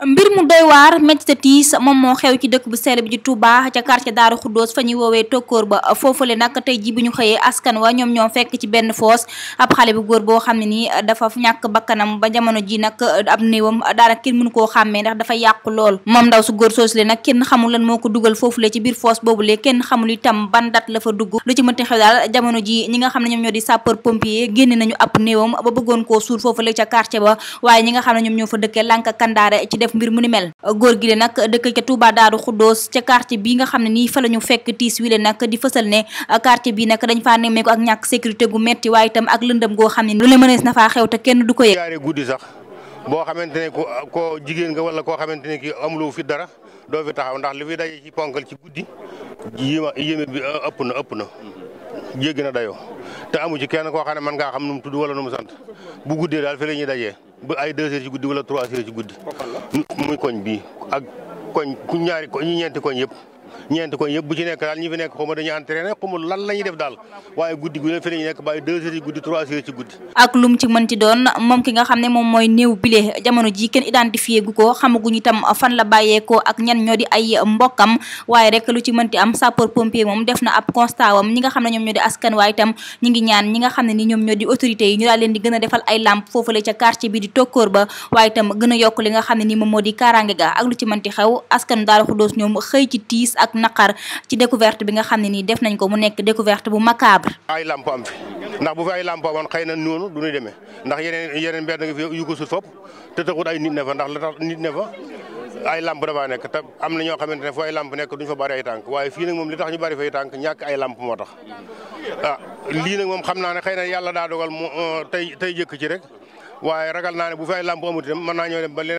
mbir mu doy waar métti te tiis moom moo xew ci dëkk bu sell bi ci Touba ca quartier Daaru Xuddoos fa ñuy woowee tokkoor ba foofule nag ñoo fekk ci benn foos ab xale bu góor boo xam ne nii dafa ñàkk bakkanam ba jamono ji nag ab néewam daanaka kenn mënu koo xàmmee ndax dafa yàqu lool moom ndaw su góor soosule nag kenn xamul lan moo ko dugal foofule ci biir foos boobule kenn xamul itam ban la fa dugg lu ci mënti xew daal jamono ji ñi nga xam ne ñoom ñoo di sapeur pompier génne nañu ab néewam ba bëggoon koo suul foofule ca quartier ba waaye ñi nga xam ne ñoom ñoo fa dëkkee lànk kandaare ci def mbir mu ni mel góor gi le nag dëkk ca Touba Daaru Xuddoos ca quartier bi nga xam ne nii fa la ñu fekk tiis wi le nag di fësal ne quartier bi nag dañ faa nemmee ak ñàkk sécurité gu metti waaye itam ak lëndëm goo xam ne lu ne mënees na faa xew te kenn du ko yëg guddi sax boo xamante ne ku koo jigéen nga wala koo xamante ne ki amuloo fi dara doo fi taxaw ndax li fi daje ci ponkal ci guddi yéeme bi ëpp na ëpp na jéggi na dayoo te amu kenn koo xam ne mën ngaa xam nu mu tudd wala nu mu sant bu guddee daal fi la ñuy dajee ba ay deux heures ci guddi wala trois heures ci guddi muy koñ bii ak koñ ku ñaari koñ ñeenti koñ yëpp ñeenti koñ yëpp bu ci nekk daal ñi fi nekk xaw ma dañuy entraîné xamul lan la ñuy def daal waaye guddi gu nekk bàyyi deux heures guddi ak lum ci mënti doon moom ki nga xam ne moom mooy di autorité yi ñu daal leen di gën a defal ay lamp foofule ca quartier bi di tokkoor ba waaye itam gën a yokk li nga xam ne ni moom moo di kaaraange ga ak lu ci mënti xew askanu daal xudoos ñoom xëy ci tiis ak naqar ci découverte bi nga xam ne nii def nañ ko mu nekk découverte bu macabre. ay lamp am fi ndax bu fi ay làmp amoon xëy na noonu du ñuy demee ndax yeneen yeneen mbedd nga fi yu te taxut ay nit ne fa ndax la tax nit ne fa ay lamp dafaa nekk te am na ñoo xamante ne foo ay lamp nekk duñ fa bari ay tànk waaye fii nag moom li tax ñu bari fay tànk ñàkk ay lamp moo tax ah lii nag moom xam naa ne xëy na yàlla daa dogal mu euh, tey tey jëkk ci rek waaye ragal naa ne bu fi ay lamp amut itam mën naa ñoo dem ba